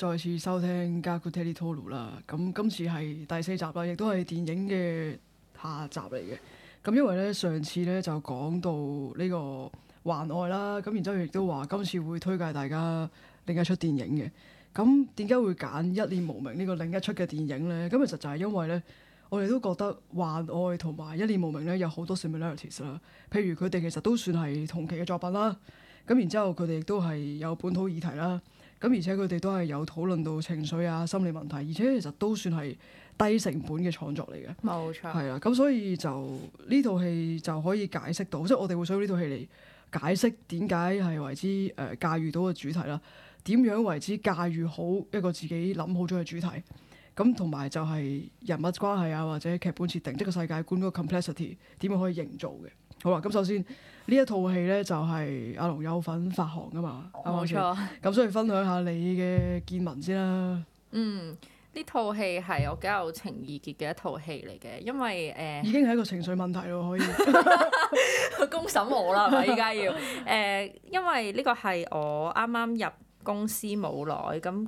再次收聽《God Told Me》啦，咁今次係第四集啦，亦都係電影嘅下集嚟嘅。咁因為咧，上次咧就講到呢個《幻愛》啦，咁然之後亦都話今次會推介大家另一出電影嘅。咁點解會揀《一念無明》呢個另一出嘅電影咧？咁其實就係因為咧，我哋都覺得《幻愛》同埋《一念無明》咧有好多 similarities 啦。譬如佢哋其實都算係同期嘅作品啦。咁然之後佢哋亦都係有本土議題啦。咁而且佢哋都係有討論到情緒啊、心理問題，而且其實都算係低成本嘅創作嚟嘅，冇錯。係啊，咁所以就呢套戲就可以解釋到，即係我哋會想呢套戲嚟解釋點解係為之誒、呃、駕馭到嘅主題啦，點樣為之駕馭好一個自己諗好咗嘅主題，咁同埋就係人物關係啊，或者劇本設定、即個世界觀嗰個 complexity 點樣可以營造嘅。好啦，咁首先。呢一套戲咧就係阿龍有份發行噶嘛，冇、哦、沒錯。咁所以分享下你嘅見聞先啦。嗯，呢套戲係我比較有情意結嘅一套戲嚟嘅，因為誒、呃、已經係一個情緒問題咯，可以去公審我啦，係咪依家要？誒， 因為呢個係我啱啱入公司冇耐咁。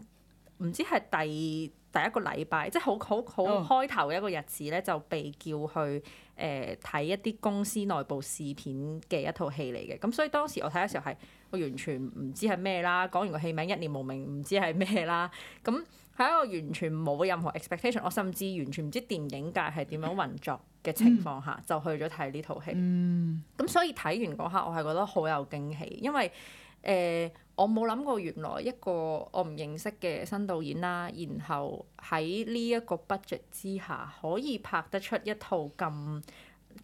唔知係第第一個禮拜，即係好好好開頭嘅一個日子咧，就被叫去誒睇、呃、一啲公司內部試片嘅一套戲嚟嘅。咁所以當時我睇嘅時候係我完全唔知係咩啦，講完個戲名《一念無明》，唔知係咩啦。咁喺一個完全冇任何 expectation，我甚至完全唔知電影界係點樣運作嘅情況下，就去咗睇呢套戲。咁、嗯、所以睇完嗰刻，我係覺得好有驚喜，因為誒、呃我冇諗過，原來一個我唔認識嘅新導演啦，然後喺呢一個 budget 之下，可以拍得出一套咁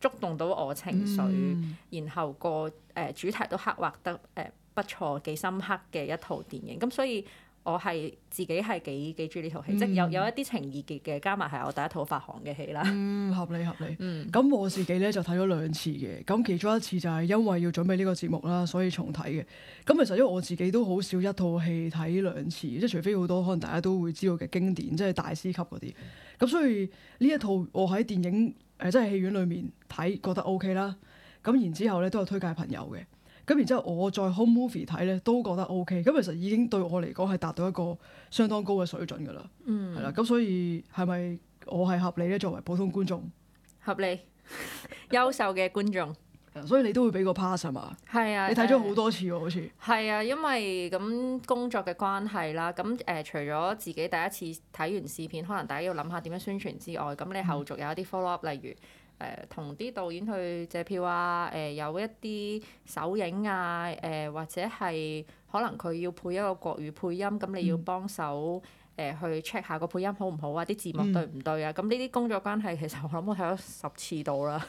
觸動到我情緒，嗯、然後、個誒、呃、主題都刻畫得誒、呃、不錯、幾深刻嘅一套電影。咁所以。我係自己係幾幾中意呢套戲，嗯、即係有有一啲情意結嘅，加埋係我第一套發行嘅戲啦。嗯，合理合理。嗯，咁我自己呢就睇咗兩次嘅，咁其中一次就係因為要準備呢個節目啦，所以重睇嘅。咁其實因為我自己都好少一套戲睇兩次，即係除非好多可能大家都會知道嘅經典，即係大師級嗰啲。咁所以呢一套我喺電影誒即係戲院裏面睇，覺得 O K 啦。咁然之後呢都有推介朋友嘅。咁然之後，我再 Home Movie 睇咧，都覺得 O K。咁其實已經對我嚟講係達到一個相當高嘅水準㗎啦。嗯，係啦。咁所以係咪我係合理咧？作為普通觀眾，合理，優 秀嘅觀眾。所以你都會俾個 pass 係嘛？係啊，你睇咗好多次喎，好似。係啊，因為咁工作嘅關係啦。咁誒、呃，除咗自己第一次睇完試片，可能大家要諗下點樣宣傳之外，咁你後續有一啲 follow up，例如。誒同啲導演去借票啊，誒、呃、有一啲首映啊，誒、呃、或者係可能佢要配一個國語配音，咁你要幫手。嗯誒去 check 下個配音好唔好啊，啲字幕對唔對啊？咁呢啲工作關係，其實我諗我睇咗十次、嗯、 到啦，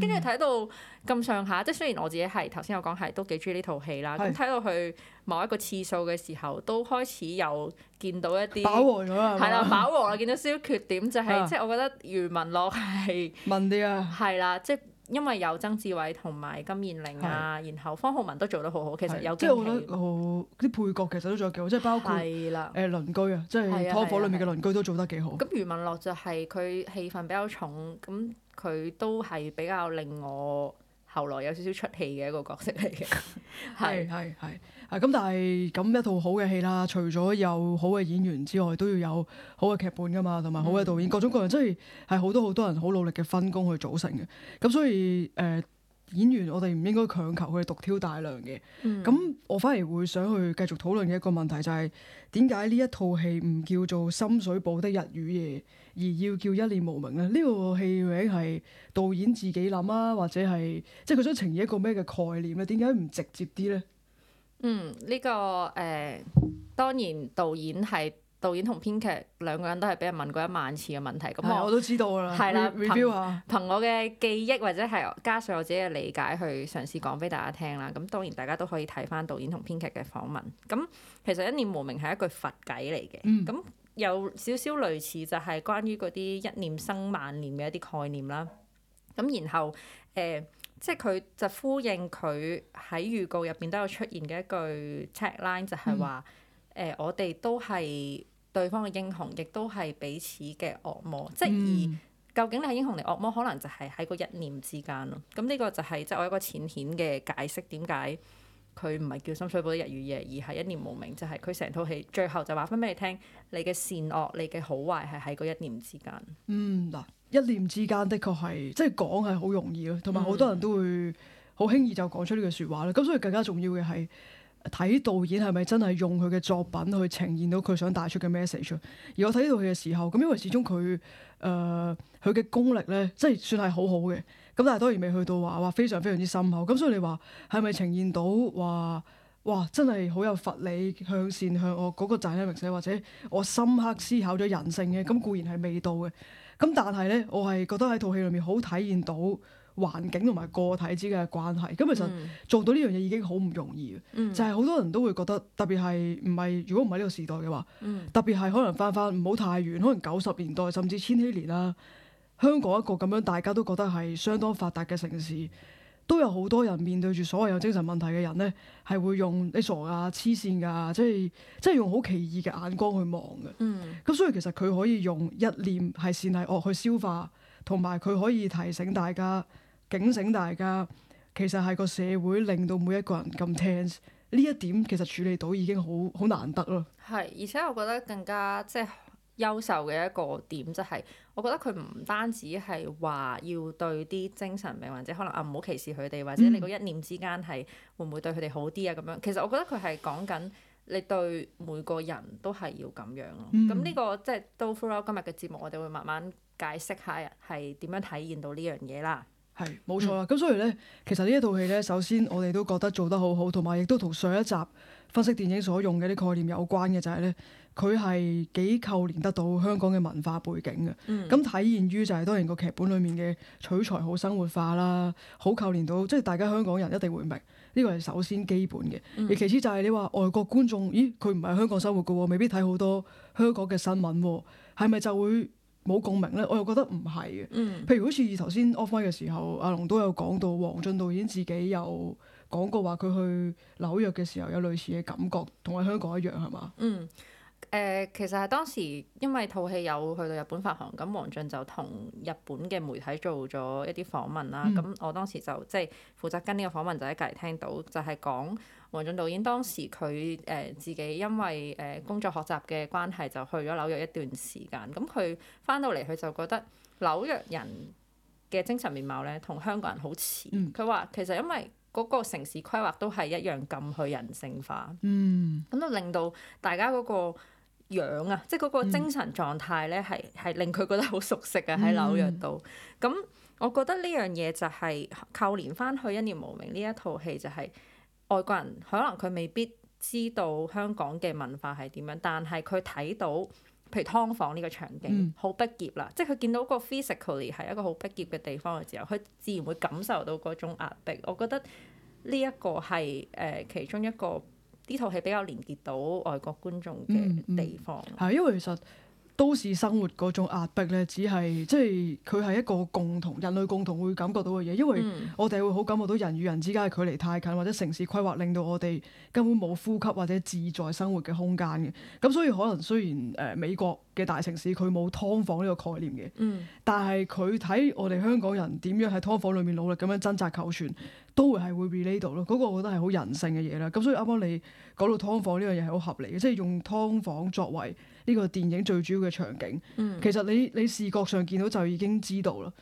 跟住睇到咁上下，即係雖然我自己係頭先有講係都幾中意呢套戲啦，咁睇是到佢某一個次數嘅時候，都開始有見到一啲飽和咗啦，係飽和啦，見 到少少缺點就係、是，即係、啊、我覺得余文樂係悶啲啊，係啦，即 因為有曾志偉同埋金燕玲啊，是的 然後方皓玟都做得好好，其實有幾好，我覺得哦，啲配角其實都做得幾好，即係包括誒是的、呃、鄰居啊，即係劏房裡面嘅鄰居都做得幾好。咁余文樂就係佢戲份比較重，咁佢都係比較令我，後來有少少出戲嘅一個角色嚟嘅 是，係係係啊咁，但係咁一套好嘅戲啦，除咗有好嘅演員之外，都要有好嘅劇本㗎嘛，同埋好嘅導演，嗯、各種各樣，即係係好多好多人好努力嘅分工去組成嘅，咁所以誒。呃演員我哋唔應該強求佢哋獨挑大梁嘅，咁、嗯、我反而會想去繼續討論嘅一個問題就係點解呢一套戲唔叫做《深水埗的日與夜》，而要叫《一念無明》呢？呢、這個戲名係導演自己諗啊，或者係即係佢想呈現一個咩嘅概念咧？點解唔直接啲呢？嗯，呢、這個誒、呃，當然導演係。導演同編劇兩個人都係俾人問過一萬次嘅問題，咁、嗯、我，我都知道啦。係啦，憑憑我嘅記憶或者係加上我自己嘅理解去嘗試講俾大家聽啦。咁當然大家都可以睇翻導演同編劇嘅訪問。咁其實一念無明係一句佛偈嚟嘅，咁、嗯、有少少類似就係關於嗰啲一念生萬念嘅一啲概念啦。咁然後誒、呃，即係佢就呼應佢喺預告入邊都有出現嘅一句 checkline 就係話。嗯誒、呃，我哋都係對方嘅英雄，亦都係彼此嘅惡魔。嗯、即係而究竟你係英雄定惡魔，可能就係喺嗰一念之間咯。咁呢個就係即係我一個淺顯嘅解釋，點解佢唔係叫《深水埗的日與夜》，而係《一念無明》？就係佢成套戲最後就話翻俾你聽，你嘅善惡、你嘅好壞係喺嗰一念之間。嗯，嗱，一念之間的確係即係講係好容易咯，同埋好多人都會好輕易就講出呢句説話啦。咁、嗯、所以更加重要嘅係。睇導演係咪真係用佢嘅作品去呈現到佢想帶出嘅 message？而我睇呢套戲嘅時候，咁因為始終佢誒佢嘅功力咧，即係算係好好嘅。咁但係當然未去到話話非常非常之深厚。咁所以你話係咪呈現到話哇，真係好有佛理，向善向惡嗰個 dynamic 或者我深刻思考咗人性嘅？咁固然係未到嘅。咁但係咧，我係覺得喺套戲裏面好體現到。.環境同埋個體之間嘅關係，咁其實做到呢樣嘢已經好唔容易。嗯、就係好多人都會覺得，特別係唔係如果唔係呢個時代嘅話，嗯、特別係可能翻翻唔好太遠，可能九十年代甚至千禧年啦、啊，香港一個咁樣大家都覺得係相當發達嘅城市，都有好多人面對住所謂有精神問題嘅人呢，係會用你傻噶、啊、黐線噶、啊，即係即係用好奇異嘅眼光去望嘅。咁、嗯、所以其實佢可以用一念係善係惡去消化，同埋佢可以提醒大家。警醒大家，其實係個社會令到每一個人咁 tense，呢一點其實處理到已經好好難得咯。係，而且我覺得更加即係、就是、優秀嘅一個點就係、是，我覺得佢唔單止係話要對啲精神病患者可能啊唔好歧視佢哋，或者你個一念之間係會唔會對佢哋好啲啊？咁、嗯、樣其實我覺得佢係講緊你對每個人都係要咁樣咯。咁呢、嗯這個即係、就是、都今日嘅節目，我哋會慢慢解釋下係點樣體現到呢樣嘢啦。係冇錯啦，咁、嗯、所以咧，其實呢一套戲咧，首先我哋都覺得做得好好，同埋亦都同上一集分析電影所用嘅啲概念有關嘅就係咧，佢係幾扣連得到香港嘅文化背景嘅，咁、嗯、體現於就係當然個劇本裡面嘅取材好生活化啦，好扣連到即係、就是、大家香港人一定會明，呢個係首先基本嘅，嗯、而其次就係你話外國觀眾，咦佢唔係香港生活㗎喎，未必睇好多香港嘅新聞喎，係咪就會？冇共鳴咧，我又覺得唔係嘅。嗯、譬如好似頭先 off mic 嘅時候，阿龍都有講到，黃進導演自己有講過話，佢去紐約嘅時候有類似嘅感覺，同喺香港一樣，係嘛？嗯。誒，其實係當時因為套戲有去到日本發行，咁黃進就同日本嘅媒體做咗一啲訪問啦。咁、嗯、我當時就即係、就是、負責跟呢個訪問，就喺隔籬聽到就係講黃進導演當時佢誒、呃、自己因為誒工作學習嘅關係就去咗紐約一段時間。咁佢返到嚟，佢就覺得紐約人嘅精神面貌咧同香港人好似。佢話、嗯、其實因為嗰個城市規劃都係一樣咁去人性化，嗯，咁就令到大家嗰、那個。樣啊，即係嗰個精神狀態咧，係係、嗯、令佢覺得好熟悉啊。喺紐約度。咁、嗯、我覺得呢樣嘢就係、是、扣連翻去《一念無明》呢一套戲、就是，就係外國人可能佢未必知道香港嘅文化係點樣，但係佢睇到譬如劏房呢個場景好迫狹啦，即係佢見到個 physically 係一個好迫狹嘅地方嘅時候，佢自然會感受到嗰種壓迫。我覺得呢一個係誒、呃、其中一個。呢套戲比較連結到外國觀眾嘅地方、嗯，係、嗯、因為其實都市生活嗰種壓迫咧，只係即係佢係一個共同人類共同會感覺到嘅嘢。因為我哋會好感覺到人與人之間嘅距離太近，或者城市規劃令到我哋根本冇呼吸或者自在生活嘅空間嘅。咁所以可能雖然誒、呃、美國。嘅大城市佢冇劏房呢個概念嘅，嗯、但係佢睇我哋香港人點樣喺劏房裏面努力咁樣掙扎求存，都會係會 relate 到咯。嗰個我覺得係好人性嘅嘢啦。咁所以啱啱你講到劏房呢樣嘢係好合理嘅，即係用㓥房作為呢個電影最主要嘅場景。嗯、其實你你視覺上見到就已經知道啦。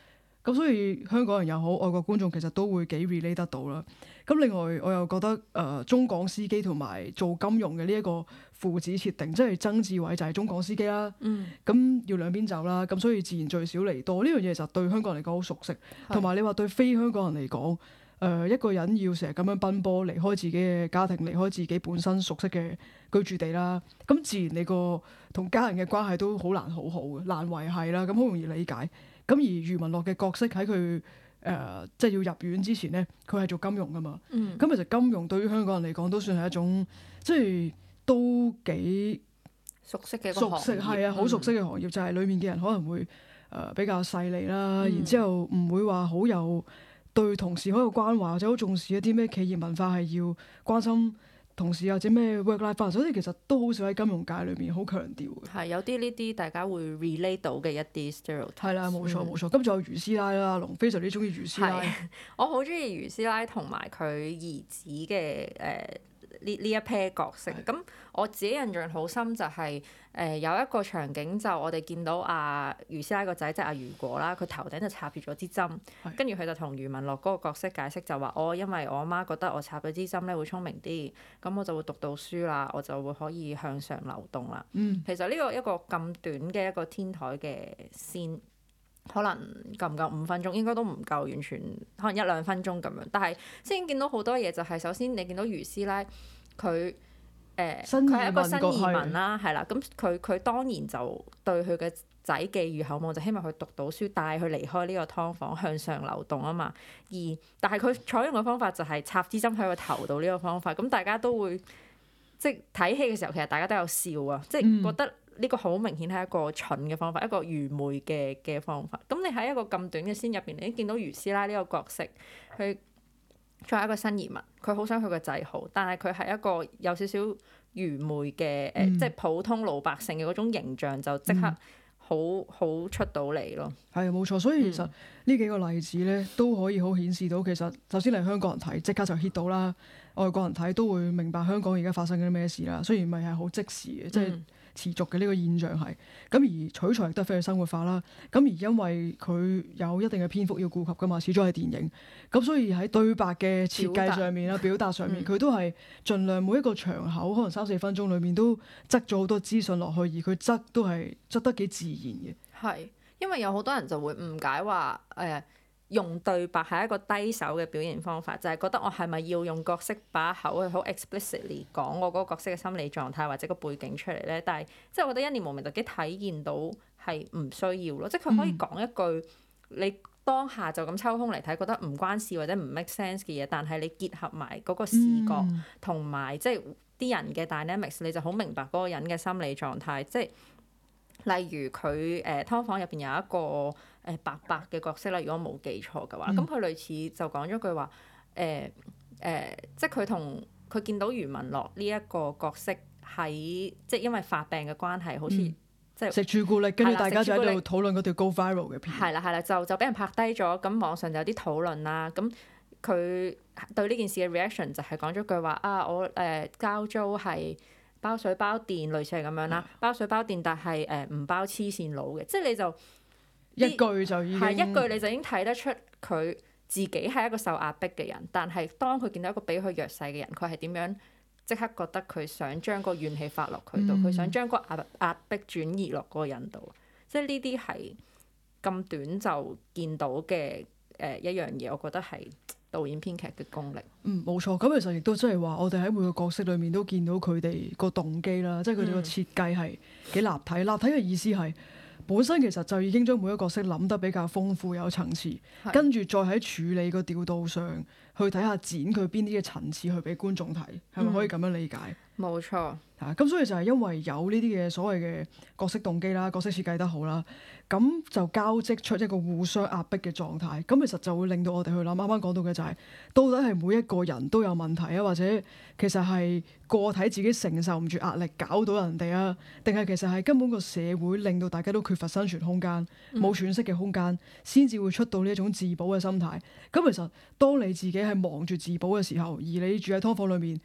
咁所以香港人又好，外國觀眾其實都會幾 relate 得到啦。咁另外我又覺得，誒、呃、中港司機同埋做金融嘅呢一個父子設定，即係曾志偉就係中港司機啦。嗯。咁、嗯、要兩邊走啦，咁所以自然聚少離多呢樣嘢就對香港人嚟講好熟悉。同埋你話對非香港人嚟講，誒、呃、一個人要成日咁樣奔波，離開自己嘅家庭，離開自己本身熟悉嘅居住地啦。咁、嗯嗯、自然你個同家人嘅關係都好難好好嘅，難維係啦。咁好容易理解。咁而余文樂嘅角色喺佢誒，即係要入院之前咧，佢係做金融噶嘛。咁、嗯、其實金融對於香港人嚟講都算係一種，即係都幾熟悉嘅行業，熟悉，係啊，好熟悉嘅行業、嗯、就係裏面嘅人可能會誒、呃、比較勢利啦，嗯，然之後唔會話好有對同事好有關懷或者好重視一啲咩企業文化係要關心。同事或者咩 work life balance 所以其實都好少喺金融界裏面好強調嘅。係有啲呢啲大家會 relate 到嘅一啲 stereotype 係啦，冇錯冇錯。咁仲有余師奶啦，龍非常之中意余師奶。我好中意余師奶同埋佢兒子嘅誒。呃呢呢一 pair 角色，咁我自己印象好深就係、是、誒、呃、有一個場景就我哋見到阿余師奶個仔即係阿余果啦，佢頭頂就插住咗支針，的跟住佢就同余文樂嗰個角色解釋就話：我、哦、因為我阿媽覺得我插咗支針咧會聰明啲，咁我就會讀到書啦，我就會可以向上流動啦。嗯、其實呢個一個咁短嘅一個天台嘅線，可能夠唔夠五分鐘？應該都唔夠，完全可能一兩分鐘咁樣。但係先見到好多嘢，就係、是、首先你見到余師奶。佢誒，佢係、呃、一個新移民啦，係啦的，咁佢佢當然就對佢嘅仔寄予厚望，就希望佢讀到書，帶佢離開呢個劏房，向上流動啊嘛。而但係佢採用嘅方法就係插支針喺個頭度呢個方法，咁大家都會即係睇戲嘅時候，其實大家都有笑啊，即係覺得呢個好明顯係一個蠢嘅方法，一個愚昧嘅嘅方法。咁你喺一個咁短嘅片入邊，你已經見到余師奶呢個角色，佢。作為一個新移民，佢好想佢個仔好，但係佢係一個有少少愚昧嘅誒，嗯、即係普通老百姓嘅嗰種形象就即刻好好、嗯、出到嚟咯。係，冇錯，所以其實呢幾個例子咧都可以好顯示到，其實首先嚟香港人睇即刻就 hit 到啦，外國人睇都會明白香港而家發生緊啲咩事啦。雖然唔係係好即時嘅，即係、嗯。持續嘅呢個現象係咁，而取材亦都非常生活化啦，咁而因為佢有一定嘅篇幅要顧及㗎嘛，始終係電影，咁所以喺對白嘅設計上面啦、表達、表達上面，佢、嗯、都係盡量每一個場口可能三四分鐘裏面都擠咗好多資訊落去，而佢擠都係擠得幾自然嘅。係，因為有好多人就會誤解話誒。哎用對白係一個低手嘅表現方法，就係、是、覺得我係咪要用角色把口去好 explicitly 講我嗰個角色嘅心理狀態或者個背景出嚟呢？但係即係我覺得一念無明就幾體現到係唔需要咯，即係佢可以講一句你當下就咁抽空嚟睇，覺得唔關事或者唔 make sense 嘅嘢，但係你結合埋嗰個視覺同埋即係啲人嘅 dynamics，你就好明白嗰個人嘅心理狀態，即係。例如佢誒劏房入邊有一個誒、呃、白白嘅角色啦，如果冇記錯嘅話，咁佢、嗯、類似就講咗句話誒誒，即係佢同佢見到余文樂呢一個角色喺即係因為發病嘅關係，好似即係食朱古力，跟住大家就喺度討論嗰條 go viral 嘅片。係啦係啦，就就俾人拍低咗，咁網上就有啲討論啦。咁佢對呢件事嘅 reaction 就係講咗句話啊，我誒、呃、交租係。包水包電類似係咁樣啦，嗯、包水包電，但係誒唔包黐線佬嘅，即係你就一句就已經係一句，你就已經睇得出佢自己係一個受壓迫嘅人。但係當佢見到一個比佢弱勢嘅人，佢係點樣即刻覺得佢想將個怨氣發落佢度，佢、嗯、想將個壓壓迫轉移落嗰個人度。嗯、即係呢啲係咁短就見到嘅誒、呃、一樣嘢，我覺得係。導演編劇嘅功力，嗯，冇錯。咁其實亦都即係話，我哋喺每個角色裏面都見到佢哋個動機啦，即係佢哋個設計係幾立體。嗯、立體嘅意思係本身其實就已經將每一個角色諗得比較豐富有層次，是跟住再喺處理個調度上去睇下剪佢邊啲嘅層次去俾觀眾睇，係咪可以咁樣理解？嗯冇錯，嚇咁、啊、所以就係因為有呢啲嘅所謂嘅角色動機啦，角色設計得好啦，咁就交織出一個互相壓迫嘅狀態。咁其實就會令到我哋去諗，啱啱講到嘅就係、係、到底係每一個人都有問題啊，或者其實係個體自己承受唔住壓力搞到人哋啊，定係其實係根本個社會令到大家都缺乏生存空間、冇喘息嘅空間，先至會出到呢一種自保嘅心態。咁其實當你自己係忙住自保嘅時候，而你住喺劏房裏面。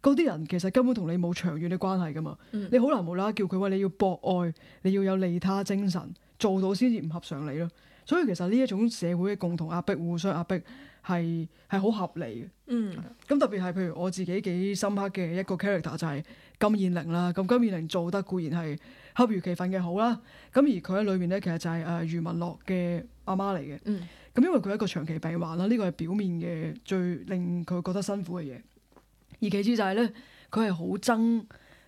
嗰啲人其實根本同你冇長遠嘅關係噶嘛，嗯、你好難冇啦，叫佢話你要博愛，你要有利他精神，做到先至唔合常理咯。所以其實呢一種社會嘅共同壓迫、互相壓迫係係好合理嘅。嗯，咁特別係譬如我自己幾深刻嘅一個 character 就係金燕玲啦。咁金燕玲做得固然係恰如其分嘅好啦。咁而佢喺裏面咧，其實就係、是、誒、呃、余文樂嘅阿媽嚟嘅。嗯，咁因為佢係一個長期病患啦，呢、這個係表面嘅最令佢覺得辛苦嘅嘢。而其次就係、是、咧，佢係好憎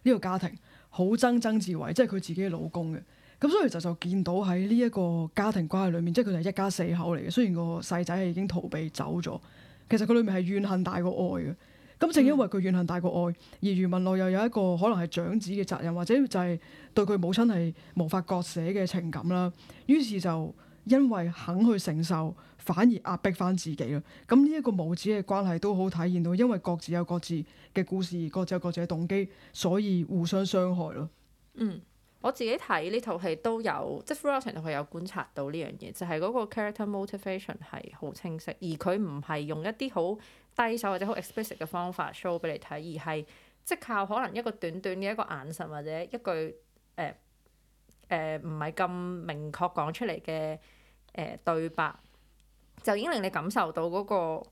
呢個家庭，好憎曾志偉，即係佢自己嘅老公嘅。咁所以就就見到喺呢一個家庭關係裏面，即係佢係一家四口嚟嘅。雖然個細仔係已經逃避走咗，其實佢裏面係怨恨大過愛嘅。咁正因為佢怨恨大過愛，嗯、而余文樂又有一個可能係長子嘅責任，或者就係對佢母親係無法割捨嘅情感啦。於是就。因為肯去承受，反而壓迫翻自己啦。咁呢一個母子嘅關係都好體現到，因為各自有各自嘅故事，各自有各自嘅動機，所以互相傷害咯。嗯，我自己睇呢套戲都有，即係全程都有觀察到呢樣嘢，就係、是、嗰個 character motivation 係好清晰，而佢唔係用一啲好低手或者好 explicit 嘅方法 show 俾你睇，而係即係靠可能一個短短嘅一個眼神或者一句誒。呃誒唔係咁明確講出嚟嘅誒對白，就已經令你感受到嗰個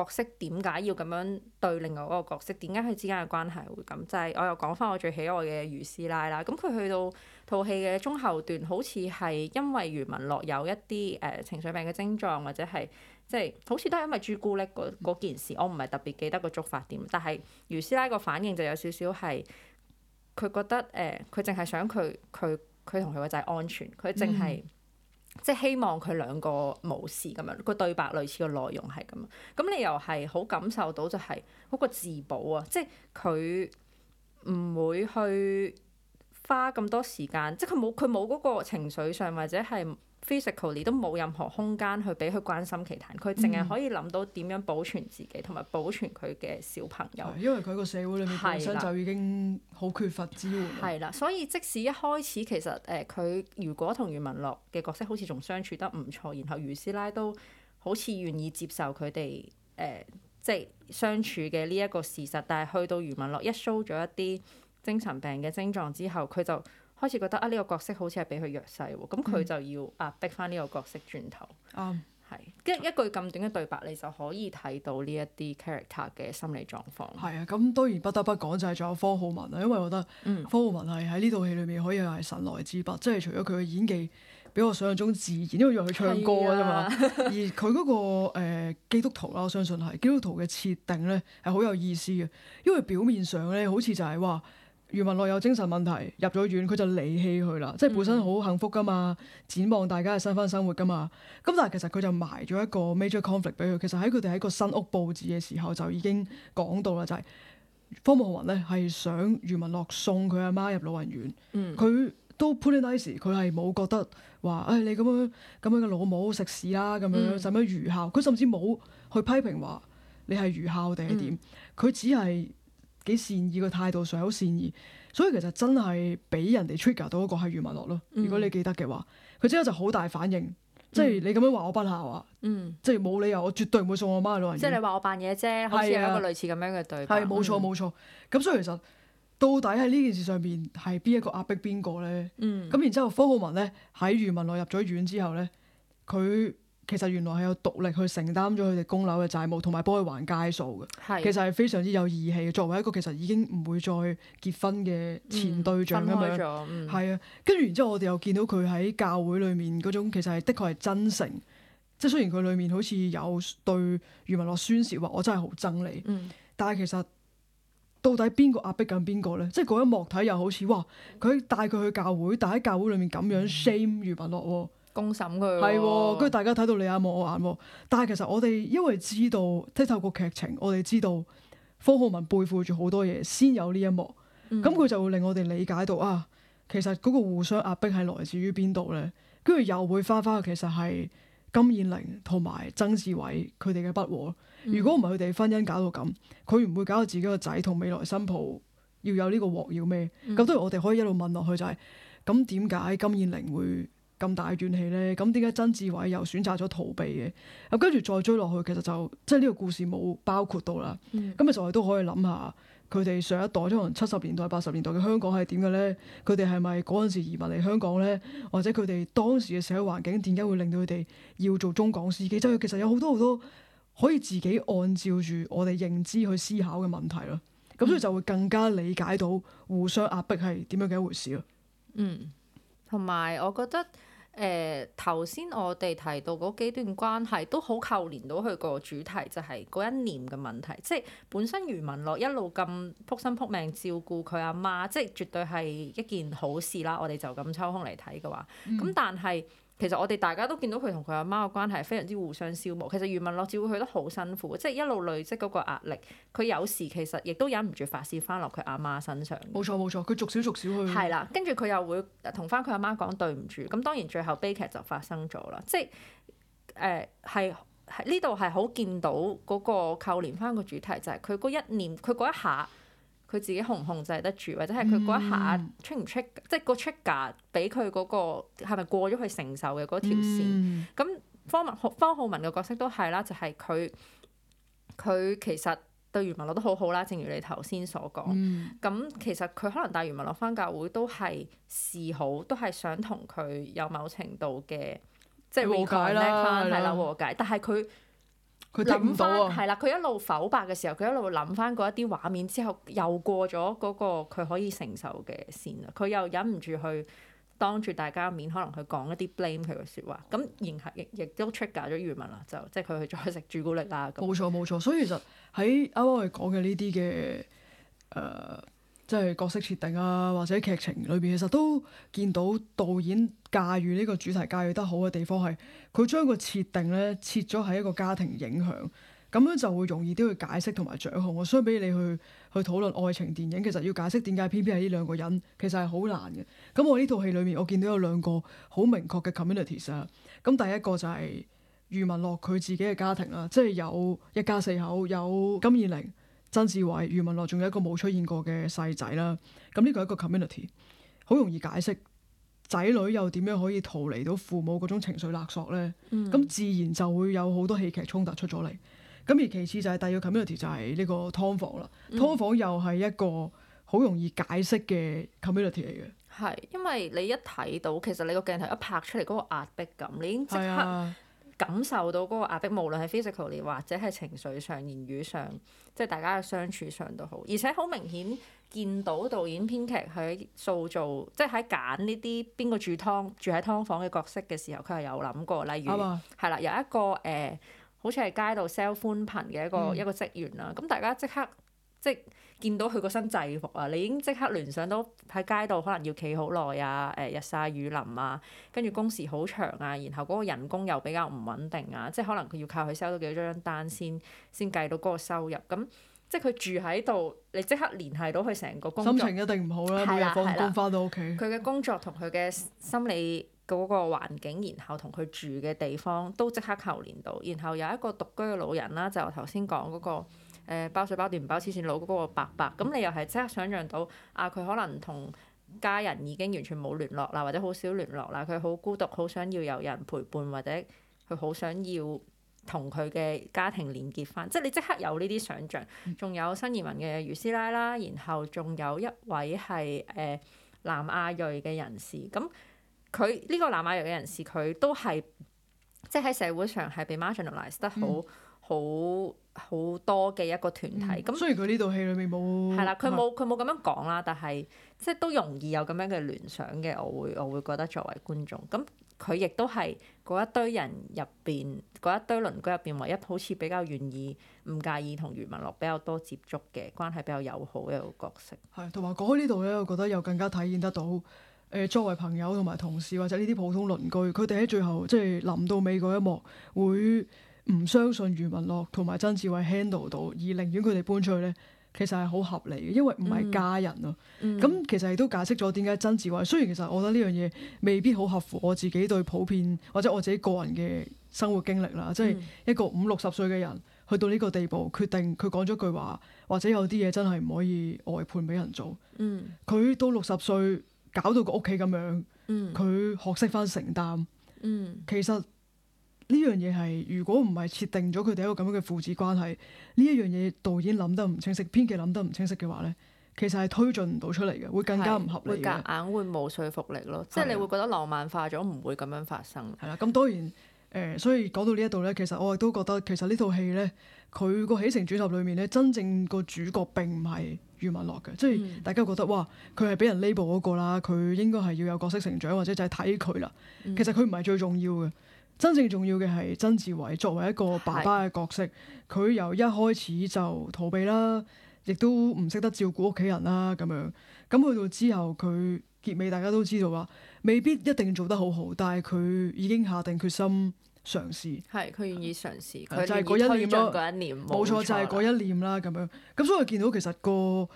角色點解要咁樣對另外嗰個角色，點解佢之間嘅關係會咁。就係、是、我又講翻我最喜愛嘅余師奶啦。咁佢去到套戲嘅中後段，好似係因為余文樂有一啲誒、呃、情緒病嘅症狀，或者係即係好似都係因為朱古力嗰件事，我唔係特別記得個觸發點。但係余師奶個反應就有少少係佢覺得誒，佢淨係想佢佢。佢同佢個仔安全，佢淨係即係希望佢兩個冇事咁樣，個對白類似個內容係咁啊。咁你又係好感受到就係嗰個自保啊，即係佢唔會去花咁多時間，即係佢冇佢冇嗰個情緒上或者係。Physically 都冇任何空間去俾佢關心其他人，佢淨係可以諗到點樣保存自己同埋保存佢嘅小朋友。因為佢個社會裏面的本身就已經好缺乏支援。係啦，所以即使一開始其實誒佢如果同余文樂嘅角色好似仲相處得唔錯，然後余師奶都好似願意接受佢哋誒即係相處嘅呢一個事實，但係去到余文樂一 show 咗一啲精神病嘅症狀之後，佢就～開始覺得啊呢個角色好似係俾佢弱勢喎，咁佢、嗯、就要啊逼翻呢個角色轉頭，係即、嗯、一,一句咁短嘅對白，你就可以睇到呢一啲 character 嘅心理狀況。係、嗯、啊，咁當然不得不講就係仲有方浩文啦，因為我覺得方浩文係喺呢套戲裏面可以係神來之筆，嗯、即係除咗佢嘅演技比我想象中自然，因為佢唱歌是啫嘛， 而佢嗰、那個、呃、基督徒啦，我相信係基督徒嘅設定咧係好有意思嘅，因為表面上咧好似就係話。余文樂有精神問題入咗院，佢就離棄佢啦。即係本身好幸福噶嘛，嗯、展望大家嘅新婚生活噶嘛。咁但係其實佢就埋咗一個 major conflict 俾佢。其實喺佢哋喺個新屋佈置嘅時候就已經講到啦，就係、是、方皓玟咧，係想余文樂送佢阿媽入老人院。佢、嗯、都 pretty nice 佢係冇覺得話誒、哎、你咁樣咁樣嘅老母食屎啦，咁樣使乜愚孝。佢甚至冇去批評話你係愚孝定係點，佢只係。幾善意嘅態度上好善意，所以其實真係俾人哋 trigger 到一個係余文樂咯。嗯、如果你記得嘅話，佢即刻就好大反應，嗯、即係你咁樣話我不孝啊，嗯、即係冇理由，我絕對唔會送我媽老人院。即係你話我扮嘢啫，好似有一個類似咁樣嘅對白。係冇錯冇錯。咁所以其實到底喺呢件事上邊係邊一個壓迫邊個咧？咁、嗯、然之後方浩文咧喺余文樂入咗院之後咧，佢。其實原來係有獨力去承擔咗佢哋供樓嘅債務，同埋幫佢還街數嘅。是其實係非常之有義氣嘅。作為一個其實已經唔會再結婚嘅前對象咁樣，係啊、嗯。跟住、嗯、然之後我哋又見到佢喺教會裏面嗰種，其實係的確係真誠。即係雖然佢裏面好似有對余文樂宣泄話我真係好憎你，嗯、但係其實到底邊個壓迫緊邊個呢？即係嗰一幕睇又好似哇，佢帶佢去教會，但係喺教會裏面咁樣 shame 余文樂。嗯公審佢係，跟住、哦 哦、大家睇到你眼望我眼，但係其實我哋因為知道，即透過劇情，我哋知道方浩文背負住好多嘢，先有呢一幕，咁佢、嗯、就會令我哋理解到啊，其實嗰個互相壓迫係來自於邊度咧？跟住又會翻翻，其實係金燕玲同埋曾志偉佢哋嘅不和。如果唔係佢哋婚姻搞到咁，佢唔會搞到自己個仔同未來新抱要有呢個鑊要咩？咁都係我哋可以一路問落去就係、是，咁點解金燕玲會？咁大怨氣咧，咁點解曾志偉又選擇咗逃避嘅？又跟住再追落去，其實就即係呢個故事冇包括到啦。咁啊、嗯，實在都可以諗下佢哋上一代，可能七十年代、八十年代嘅香港係點嘅咧？佢哋係咪嗰陣時移民嚟香港咧？或者佢哋當時嘅社會環境點解會令到佢哋要做中港司機？即係、嗯、其實有好多好多可以自己按照住我哋認知去思考嘅問題咯。咁所以就會更加理解到互相壓迫係點樣嘅一回事咯。嗯，同埋我覺得。誒頭先我哋提到嗰幾段關係都好扣連到佢個主題，就係、是、嗰一念嘅問題，即係本身余文樂一路咁撲心撲命照顧佢阿媽，即係絕對係一件好事啦。我哋就咁抽空嚟睇嘅話，咁、嗯、但係。其實我哋大家都見到佢同佢阿媽嘅關係非常之互相消磨。其實余文樂只會去得好辛苦，即係一路累積嗰個壓力。佢有時其實亦都忍唔住發泄翻落佢阿媽身上。冇錯冇錯，佢逐少逐少去。係啦，跟住佢又會同翻佢阿媽講對唔住。咁當然最後悲劇就發生咗啦，即係誒係喺呢度係好見到嗰個扣連翻個主題就係佢嗰一念佢嗰一下。佢自己控唔控制得住，或者係佢嗰一下出唔出，嗯、trigger，即係個出價俾佢嗰個係咪過咗佢承受嘅嗰條線？咁方文方浩文嘅角色都係啦，就係佢佢其實對余文樂都好好啦，正如你頭先所講。咁、嗯、其實佢可能帶余文樂返教會都係示好，都係想同佢有某程度嘅即係和解啦，係啦和解，和解但係佢。佢諗翻，係啦，佢、啊、一路剖白嘅時候，佢一路諗翻嗰一啲畫面之後，又過咗嗰個佢可以承受嘅線啦。佢又忍唔住去當住大家面，可能去講一啲 blame 佢嘅説話。咁然後亦亦都 trigger 咗漁民啦，就即係佢去再食朱古力啦。冇錯冇樣錯，所以其實喺啱啱我哋講嘅呢啲嘅誒。呃即係角色設定啊，或者劇情裏邊，其實都見到導演駕馭呢個主題駕馭得好嘅地方係，佢將個設定咧設咗喺一個家庭影響，咁樣就會容易啲去解釋同埋掌控。我，相比你去去討論愛情電影，其實要解釋點解偏偏係呢兩個人，其實係好難嘅。咁我呢套戲裏面，我見到有兩個好明確嘅 communities 啊。咁第一個就係余文樂佢自己嘅家庭啦、啊，即係有一家四口，有金燕玲。曾志偉、余文樂，仲有一個冇出現過嘅細仔啦。咁呢個係一個 community，好容易解釋仔女又點樣可以逃離到父母嗰種情緒勒索呢？咁、嗯、自然就會有好多戲劇衝突出咗嚟。咁而其次就係第二個 community 就係呢個㓥房啦。劏房又係一個好容易解釋嘅 community 嚟嘅。係、嗯，因為你一睇到，其實你個鏡頭一拍出嚟嗰個壓迫感，你已經知、啊。感受到嗰個壓迫，無論係 physically 或者係情緒上、言語上，即係大家嘅相處上都好。而且好明顯見到導演編劇喺塑造，即係喺揀呢啲邊個住湯住喺湯房嘅角色嘅時候，佢係有諗過。例如係、嗯、啦，有一個誒、呃，好似係街度 sell 寬頻嘅一個一個職員啦。咁、嗯、大家即刻即。見到佢個身制服啊，你已經即刻聯想到喺街度可能要企好耐啊，誒日曬雨淋啊，跟住工時好長啊，然後嗰個人工又比較唔穩定啊，即係可能佢要靠佢收到幾多張單先先計到嗰個收入。咁即係佢住喺度，你即刻聯繫到佢成個工作心情一定唔好啦，每日放工返到屋企，佢嘅工作同佢嘅心理嗰個環境，然後同佢住嘅地方都即刻扣連到。然後有一個獨居嘅老人啦，就我頭先講嗰個。誒包水包電唔包黐線佬嗰個伯伯，咁、嗯、你又係即刻想象到啊，佢可能同家人已經完全冇聯絡啦，或者好少聯絡啦，佢好孤獨，好想要有人陪伴，或者佢好想要同佢嘅家庭連結返，即係你即刻有呢啲想象。仲有新移民嘅余師奶啦，然後仲有一位係誒、呃、南亞裔嘅人士，咁佢呢個南亞裔嘅人士佢都係即係喺社會上係被 marginalised 得好好好多嘅一個團體咁，嗯、咁雖然佢呢套戲裏面冇，係啦，佢冇佢冇咁樣講啦，但係即係都容易有咁樣嘅聯想嘅，我會我會覺得作為觀眾，咁佢亦都係嗰一堆人入邊，嗰一堆鄰居入邊唯一好似比較願意唔介意同余文樂比較多接觸嘅關係比較友好嘅一個角色。係，同埋講開呢度咧，我覺得又更加體現得到，誒，作為朋友同埋同事或者呢啲普通鄰居，佢哋喺最後即係臨到尾嗰一幕會唔相信余文樂同埋曾志偉 handle 到，而寧願佢哋搬出去咧，其實係好合理嘅，因為唔係家人咯。咁、嗯嗯、其實亦都解釋咗點解曾志偉雖然其實我覺得呢樣嘢未必好合乎我自己對普遍或者我自己個人嘅生活經歷啦。即係一個五六十歲嘅人去到呢個地步，決定佢講咗句話或者有啲嘢真係唔可以外判俾人做。佢、嗯、到六十歲搞到個屋企咁樣，佢、嗯、學識翻承擔。嗯嗯、其實。呢樣嘢係如果唔係設定咗佢哋一個咁樣嘅父子關係，呢一樣嘢導演諗得唔清晰，編劇諗得唔清晰嘅話呢，其實係推進唔到出嚟嘅，會更加唔合理，會夾硬會冇說服力咯。即係你會覺得浪漫化咗，唔是會咁樣發生。係啦，咁當然，誒、呃，所以講到呢一度呢，其實我亦都覺得，其實呢套戲呢，佢個起承轉合裏面呢，真正個主角並唔係余文樂嘅，即係大家覺得、嗯、哇，佢係俾人 label 嗰個啦，佢應該係要有角色成長或者就係睇佢啦。其實佢唔係最重要嘅。真正重要嘅係曾志偉作為一個爸爸嘅角色，佢由一開始就逃避啦，亦都唔識得照顧屋企人啦，咁樣咁去到之後，佢結尾大家都知道啦，未必一定做得好好，但係佢已經下定決心嘗試。係佢願意嘗試，佢就係嗰一念咯。嗰一念冇錯，就係嗰一念啦，咁樣咁所以見到其實個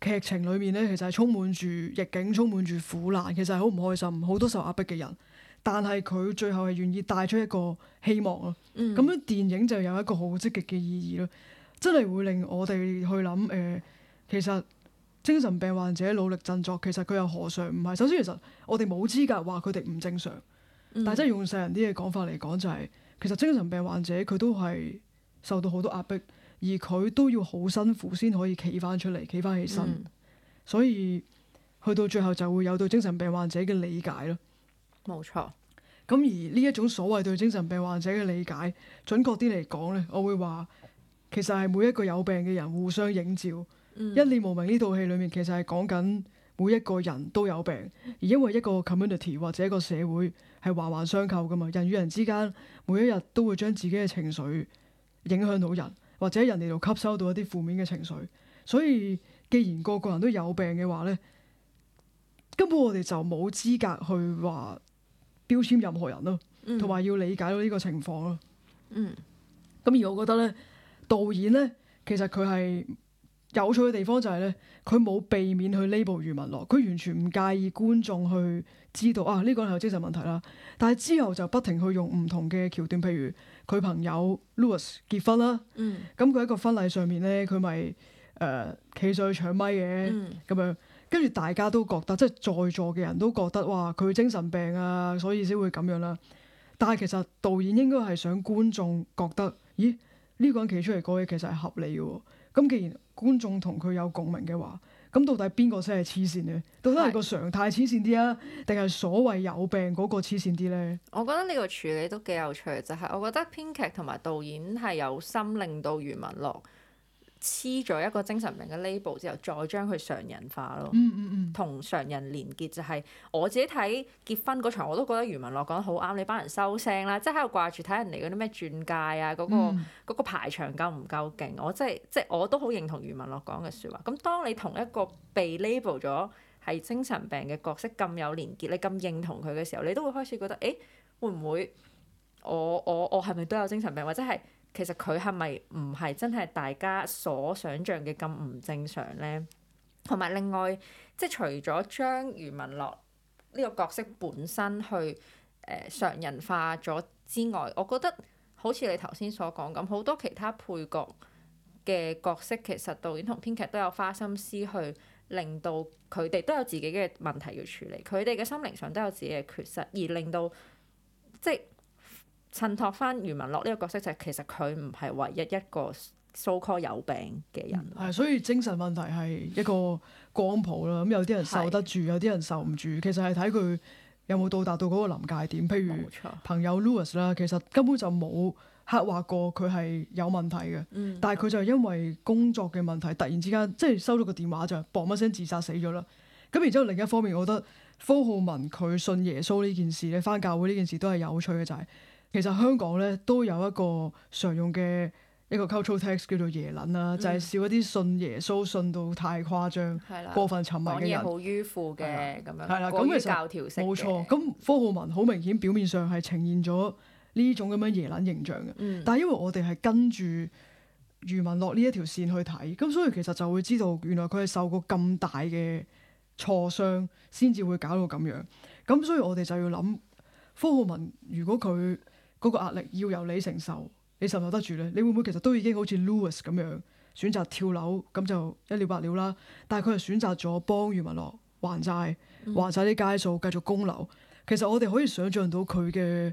劇情裏面咧，其實係充滿住逆境，充滿住苦難，其實係好唔開心，好多受壓迫嘅人，但係佢最後係願意帶出一個希望咯，咁、嗯、樣電影就有一個好積極嘅意義咯，真係會令我哋去諗誒、呃，其實精神病患者努力振作，其實佢又何嘗唔係？首先，其實我哋冇資格話佢哋唔正常，嗯、但係真係用世人啲嘅講法嚟講，就係其實精神病患者佢都係受到好多壓迫，而佢都要好辛苦先可以企返出嚟，企返起身，嗯、所以去到最後就會有對精神病患者嘅理解咯。冇錯，咁而呢一種所謂對精神病患者嘅理解，準確啲嚟講呢，我會話其實係每一個有病嘅人互相影照，嗯、一念無明呢套戲裡面其實係講緊每一個人都有病，而因為一個 community 或者一個社會係環環相扣噶嘛，人與人之間每一日都會將自己嘅情緒影響到人，或者人哋到吸收到一啲負面嘅情緒，所以既然個個人都有病嘅話呢，根本我哋就冇資格去話標籤任何人咯，同埋要理解到呢個情況咯。嗯，咁而我覺得咧，導演咧，其實佢係有趣嘅地方就係咧，佢冇避免去 label 余文樂，佢完全唔介意觀眾去知道啊呢個係有精神問題啦。但係之後就不停去用唔同嘅橋段，譬如佢朋友 Louis 結婚啦，嗯，咁佢喺個婚禮上面咧，佢咪誒企上去搶咪嘅，咁、嗯、咁樣。跟住大家都覺得，即係在座嘅人都覺得，哇！佢精神病啊，所以先會咁樣啦、啊。但係其實導演應該係想觀眾覺得，咦？呢、這個人企出嚟講嘢其實係合理嘅、哦。咁既然觀眾同佢有共鳴嘅話，咁到底邊個先係黐線呢？到底係個常態黐線啲啊，定係所謂有病嗰個黐線啲呢我？我覺得呢個處理都幾有趣，就係我覺得編劇同埋導演係有心令到余文樂。黐咗一個精神病嘅 label 之後，再將佢常人化咯，嗯嗯、同常人連結就係、是、我自己睇結婚嗰場，我都覺得余文樂講得好啱。你班人收聲啦，即係喺度掛住睇人哋嗰啲咩鑽戒啊，嗰、嗰個排、嗯、場夠唔夠勁？我即係即係我都好認同余文樂講嘅説話。咁當你同一個被 label 咗係精神病嘅角色咁有連結，你咁認同佢嘅時候，你都會開始覺得，誒、欸、會唔會我我我係咪都有精神病或者係？其實佢係咪唔係真係大家所想像嘅咁唔正常呢？同埋另外，即係除咗將余文樂呢個角色本身去誒、呃、常人化咗之外，我覺得好似你頭先所講咁，好多其他配角嘅角色其實導演同編劇都有花心思去令到佢哋都有自己嘅問題要處理，佢哋嘅心靈上都有自己嘅缺失，而令到即襯托翻余文樂呢個角色，就係其實佢唔係唯一一個 so-called 有病嘅人，係、嗯、所以精神問題係一個光譜啦。咁有啲人受得住，有啲人受唔住。其實係睇佢有冇到達到嗰個臨界點。譬如冇錯、朋友 Louis 啦，其實根本就冇刻畫過佢係有問題嘅，嗯、但係佢就因為工作嘅問題，突然之間即係收到個電話就嘣一聲自殺死咗啦。咁然之後另一方面，我覺得方浩文佢信耶穌呢件事咧，翻教會呢件事都係有趣嘅，就係、是。其實香港咧都有一個常用嘅一個 cultural text 叫做耶撚啦，嗯、就係笑一啲信耶穌信到太誇張、的過分沉迷嘅人講嘢好迂腐嘅咁樣，係啦，咁其實冇錯。咁方皓玟好明顯表面上係呈現咗呢種咁樣耶撚形象嘅，嗯、但係因為我哋係跟住余文樂呢一條線去睇，咁所以其實就會知道原來佢係受過咁大嘅挫傷，先至會搞到咁樣。咁所以我哋就要諗，方皓玟如果佢。嗰個壓力要由你承受，你承受，受得住咧？你會唔會其實都已經好似 Louis 咁樣選擇跳樓咁就一了百了啦？但係佢係選擇咗幫余文樂還債、還晒啲街數，繼續供樓。其實我哋可以想像到佢嘅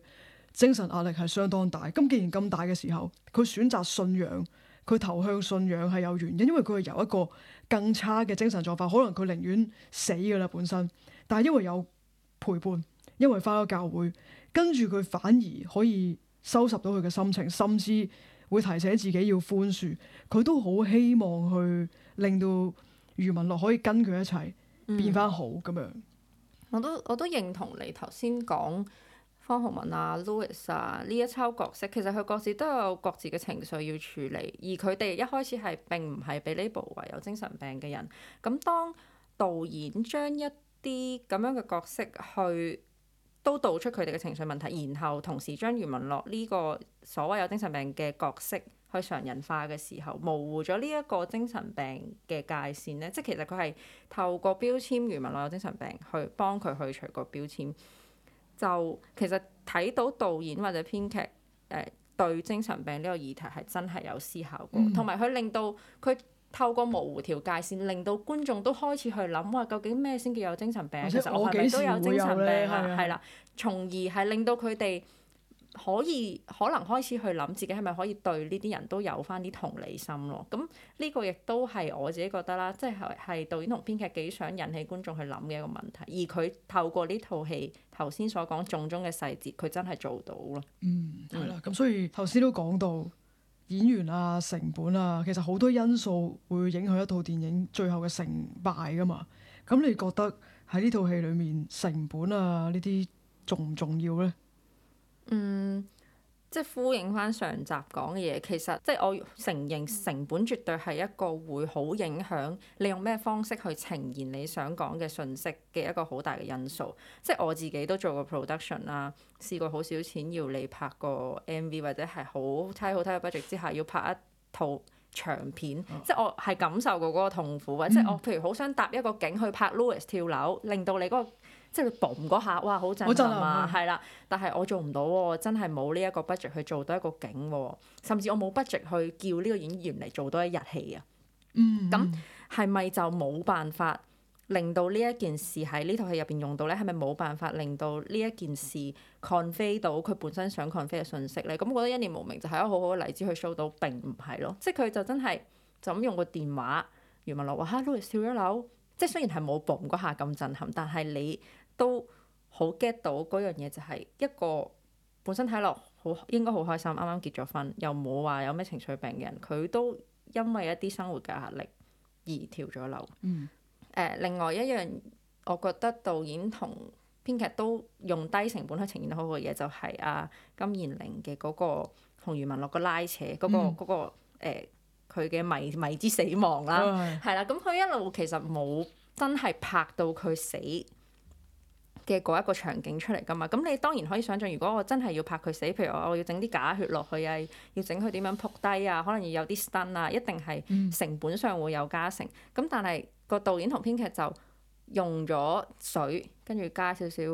精神壓力係相當大。咁既然咁大嘅時候，佢選擇信仰，佢投向信仰係有原因，因為佢係由一個更差嘅精神狀況，可能佢寧願死噶啦本身。但係因為有陪伴，因為翻咗教會。跟住佢反而可以收拾到佢嘅心情，甚至會提醒自己要寬恕。佢都好希望去令到余文樂可以跟佢一齊、嗯、變翻好咁樣。我都我都認同你頭先講方皓玟啊、Louis 啊呢一抽角色，其實佢各自都有各自嘅情緒要處理，而佢哋一開始係並唔係俾呢部唯有精神病嘅人。咁當導演將一啲咁樣嘅角色去都道出佢哋嘅情緒問題，然後同時將余文樂呢個所謂有精神病嘅角色去常人化嘅時候，模糊咗呢一個精神病嘅界線咧，即係其實，佢係透過標籤余文樂有精神病去幫佢去除個標籤，就其實睇到導演或者編劇誒對精神病呢個議題係真係有思考過，同埋佢令到佢。透過模糊條界線，令到觀眾都開始去諗話，究竟咩先叫有精神病？其實我係咪都有精神病啊？係啦的，的從而係令到佢哋可以可能開始去諗自己係咪可以對呢啲人都有返啲同理心咯。咁呢個亦都係我自己覺得啦，即係係導演同編劇幾想引起觀眾去諗嘅一個問題。而佢透過呢套戲頭先所講種種嘅細節，佢真係做到咯。嗯，係啦。咁所以頭先都講到。演員啊，成本啊，其實好多因素會影響一套電影最後嘅成敗㗎嘛。咁你覺得喺呢套戲裡面成本啊呢啲重唔重要咧？嗯。即係呼應翻上集講嘅嘢，其實即係我承認成本絕對係一個會好影響你用咩方式去呈現你想講嘅信息嘅一個好大嘅因素。即係我自己都做過 production 啦，試過好少錢要你拍個 MV，或者係好差好差嘅 budget 之下要拍一套長片。哦、即係我係感受過嗰個痛苦，或者、嗯、即我譬如好想搭一個景去拍 Louis 跳樓，令到你嗰、嗰個。即係 boom 嗰下，哇，好震撼啊！係啦、啊，但係我做唔到喎，真係冇呢一個 budget 去做多一個景喎，甚至我冇 budget 去叫呢個演員嚟做多一日戲啊。嗯。咁係咪就冇辦法令到呢一件事喺呢套戲入邊用到咧？係咪冇辦法令到呢一件事 convey 到佢本身想 convey 嘅信息咧？咁我覺得《一念無明》就係一個好好嘅例子去 show 到並唔係咯。即係佢就真係就咁用個電話，余文樂話嚇 Louis 跳咗樓。即係雖然係冇 boom 嗰下咁震撼，但係你。都好 get 到嗰樣嘢，就係一個本身睇落好應該好開心，啱啱結咗婚，又冇話有咩情緒病嘅人，佢都因為一啲生活嘅壓力而跳咗樓。誒，另外一樣我覺得導演同編劇都用低成本去呈現到好嘅嘢，就係阿、啊、金燕玲嘅嗰個同余文樂拉、嗯嗰個拉扯，嗰個嗰個誒佢嘅迷迷之死亡啦，係啦、嗯，咁佢一路其實冇真係拍到佢死。嘅嗰一個場景出嚟噶嘛，咁你當然可以想像，如果我真係要拍佢死，譬如我我要整啲假血落去啊，要整佢點樣撲低啊，可能要有啲 stunt 啊，一定係成本上會有加成。咁、嗯、但係個導演同編劇就用咗水，跟住加少少血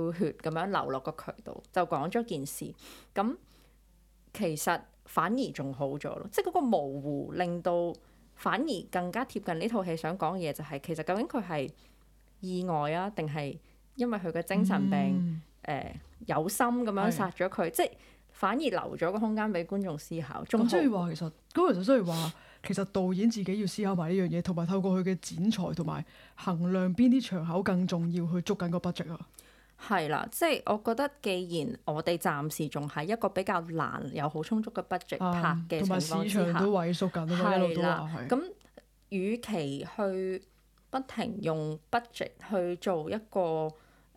咁樣流落個渠道，就講咗件事。咁其實反而仲好咗咯，即係嗰個模糊令到反而更加貼近呢套戲想講嘅嘢，就係其實究竟佢係意外啊，定係？因為佢嘅精神病，誒、嗯呃、有心咁樣殺咗佢，的即係反而留咗個空間俾觀眾思考。咁所以話其實，咁其實所以話，其實導演自己要思考埋呢樣嘢，同埋透過佢嘅剪裁同埋衡量邊啲場口更重要，去捉緊個 budget 啊。係啦，即係我覺得，既然我哋暫時仲係一個比較難有好充足嘅 budget 拍嘅同埋市場都萎縮緊，係啦、嗯，咁與其去不停用 budget 去做一個。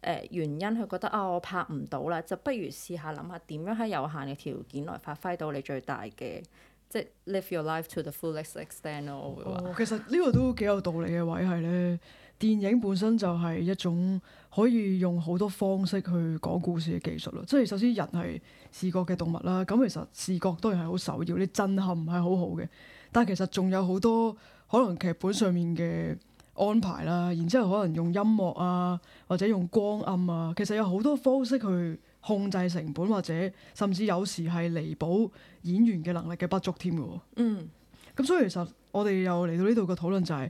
呃、原因佢覺得啊，我拍唔到啦，就不如試下諗下點樣喺有限嘅條件內發揮到你最大嘅，即係 live your life to the fullest extent、哦、其實呢個都幾有道理嘅位係呢。電影本身就係一種可以用好多方式去講故事嘅技術咯。即係首先人係視覺嘅動物啦，咁其實視覺都係好首要，你震撼係好好嘅，但係其實仲有好多可能劇本上面嘅，安排啦，然之後可能用音樂啊，或者用光暗啊，其實有好多方式去控制成本，或者甚至有時係彌補演員嘅能力嘅不足添㗎。嗯，咁所以其實我哋又嚟到呢度嘅討論就係，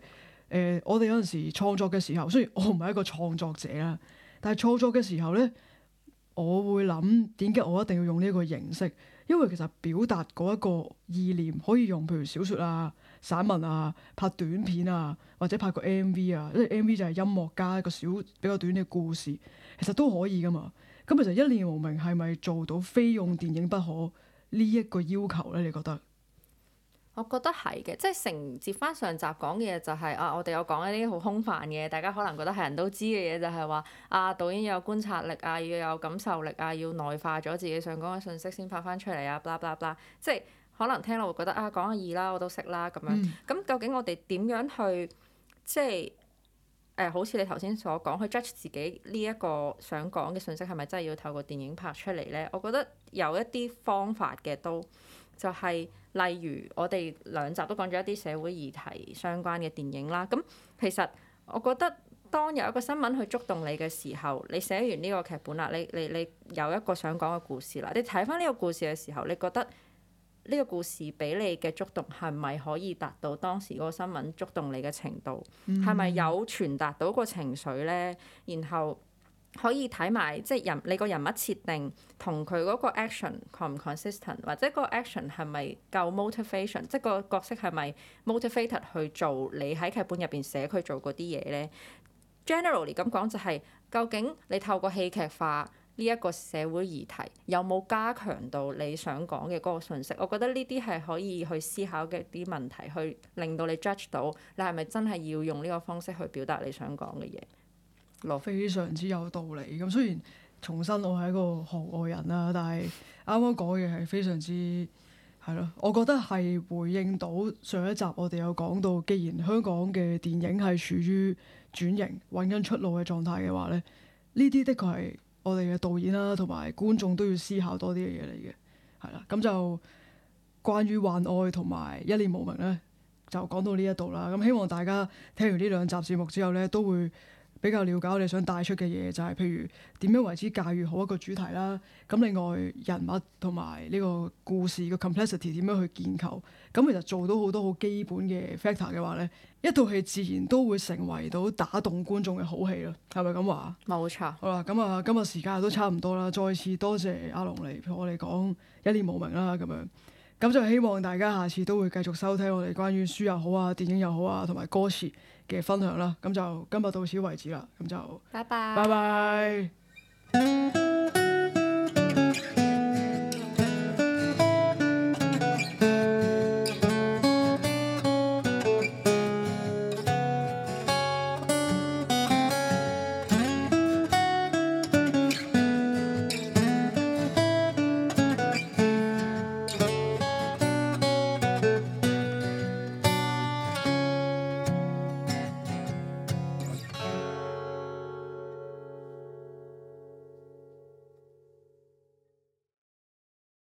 誒，我哋有陣時創作嘅時候，雖然我唔係一個創作者啦，但係創作嘅時候咧，我會諗點解我一定要用呢一個形式？因為其實表達嗰一個意念可以用，譬如小説啊，散文啊，拍短片啊，或者拍個 MV 啊，因為 MV 就係音樂加一個小比較短嘅故事，其實都可以噶嘛。咁其實一念無明係咪做到非用電影不可呢一、這個要求呢，你覺得？我覺得係嘅，即係承接翻上，上集講嘅嘢就係、是、啊，我哋有講一啲好空泛嘅，大家可能覺得係人都知嘅嘢，就係話啊，導演要有觀察力啊，要有感受力啊，要內化咗自己想講嘅信息先發翻出嚟啊，blah blah blah 即係。可能聽落會覺得啊，講下易啦，我都識啦咁樣。咁、嗯、究竟我哋點樣去即係、就是呃、好似你頭先所講，去 judge 自己呢一個想講嘅信息係咪真係要透過電影拍出嚟呢？我覺得有一啲方法嘅都就係、是、例如我哋兩集都講咗一啲社會議題相關嘅電影啦。咁其實我覺得當有一個新聞去觸動你嘅時候，你寫完呢個劇本啦，你你你有一個想講嘅故事啦。你睇翻呢個故事嘅時候，你覺得？呢個故事俾你嘅觸動係咪可以達到當時嗰個新聞觸動你嘅程度？係咪、嗯、有傳達到個情緒呢？然後可以睇埋即係人你個人物設定同佢嗰個 action con 唔 consistent，或者個 action 係咪夠 motivation？、嗯、即係個角色係咪 motivated 去做你喺劇本入邊寫佢做嗰啲嘢呢，generally 咁講就係、是、究竟你透過戲劇化。呢一個社會議題有冇加強到你想講嘅嗰個訊息？我覺得呢啲係可以去思考嘅啲問題，去令到你 judge 到你係咪真係要用呢個方式去表達你想講嘅嘢。羅非常之有道理。咁雖然重新我係一個行外人啦，但係啱啱講嘅係非常之係咯。我覺得係回應到上一集我哋有講到，既然香港嘅電影係處於轉型揾緊出路嘅狀態嘅話咧，呢啲的確係。我哋嘅導演啦，同埋觀眾都要思考多啲嘅嘢嚟嘅，係啦。咁就關於幻愛同埋一念無明咧，就講到呢一度啦。咁希望大家聽完呢兩集節目之後咧，都會比較了解我哋想帶出嘅嘢，就係譬如點樣為之駕馭好一個主題啦。咁另外人物同埋呢個故事嘅 complexity 點樣去建構，咁其實做到好多好基本嘅 factor 嘅話呢一套戲自然都會成為到打動觀眾嘅好戲咯。係咪咁話？冇錯。好啦，咁啊，今日時間都差唔多啦，再次多謝阿龍嚟同我哋講一念無明啦，咁樣。咁就希望大家下次都會繼續收聽我哋關於書又好啊、電影又好啊、同埋歌詞嘅分享啦。咁就今日到此為止啦。咁就拜拜，拜拜。